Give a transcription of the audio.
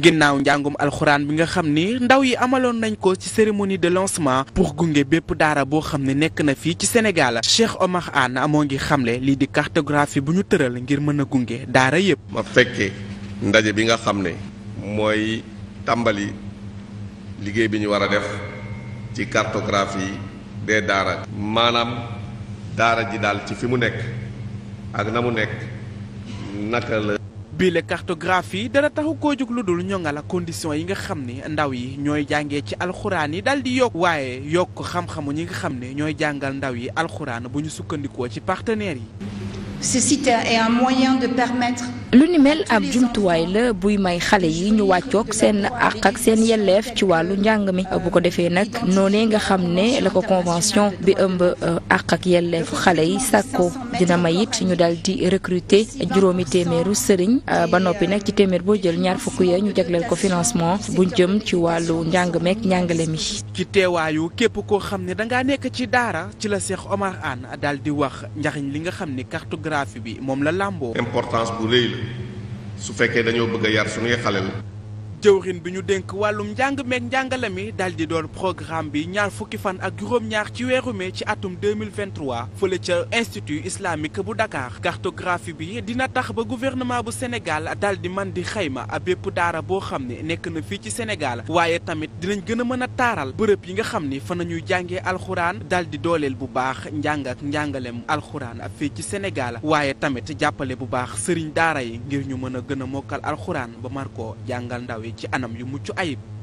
ginnaaw njàngum alxuraan bi nga xam ni ndaw yi amaloon nañ ko ci cérémonie de lancement pour gunge bépp daara boo xam ne nekk na fii ci Sénégal Cheikh Omar Anne moo ngi xamle lii di cartographie bu ñu tëral ngir mën a gunge daara yépp ma fekkee ndaje bi nga xam ne mooy tàmbali liggéey bi ñu war a def ci cartographie dee daara maanaam daara ji daal ci fi mu nekk ak na mu nekk naka la bile cartographie dara taxu koo jóg lu dul ñoŋal ak condition yi nga xam ni ndaw yi ñooy jàngee ci alxuraan yi daal di yokk waaye yokk xam-xamu ñi nga xam ne ñooy jàngal ndaw yi alxuraan bu ñu sukkandikoo ci partenaires yi Ce site est un moyen de permettre lu ni mel ab jumtuwaay la buy may xale yi ñu wàccook seen àq ak seen yelleef ci wàllu njàng mi bu ko defee nag noonee nga xam ne la ko convention bi ëmb euh, àq ak yelleefu xale yi sàkko dina may it ñu daal di recruter juróomi téeméeru sëriñ euh, ba noppi nag ci téeméer boo jël ñaar fukk ya ñu jegleel ko financement bu jëm ci wàllu njàng meek njàngale mi. ci képp koo xam ne da ngaa nekk ci daara ci la Cheikh Omar Anne daal di wax njaxiñ li nga xam ne cartographie bi moom la làmboo. su fekkee dañoo bëgg a yar suñuy xaleel jëwrin bi ñu dénk wàllum njàng meeg njàngale mi daal di doon programme bi ñaar fukki fan ak juróom-ñaar ci weeru mai ci atum 2023 fële ca institut islamique bu dakaar cartographie bi dina tax ba gouvernement bu Sénégal daal di man di xayma bépp daara boo xam ne nekk na fii ci Sénégal waaye tamit dinañ gën a mën a taaral bërëb yi nga xam ni fa nañuy jàngee alxuraan daal di dooleel bu baax njàng ak njàngalem alxuraan fii ci Sénégal waaye tamit jàppale bu baax sëriñ daara yi ngir ñu mën a gën a mokkal alxuraan ba mar jàngal ndaw yi ci anam yu mucc ayib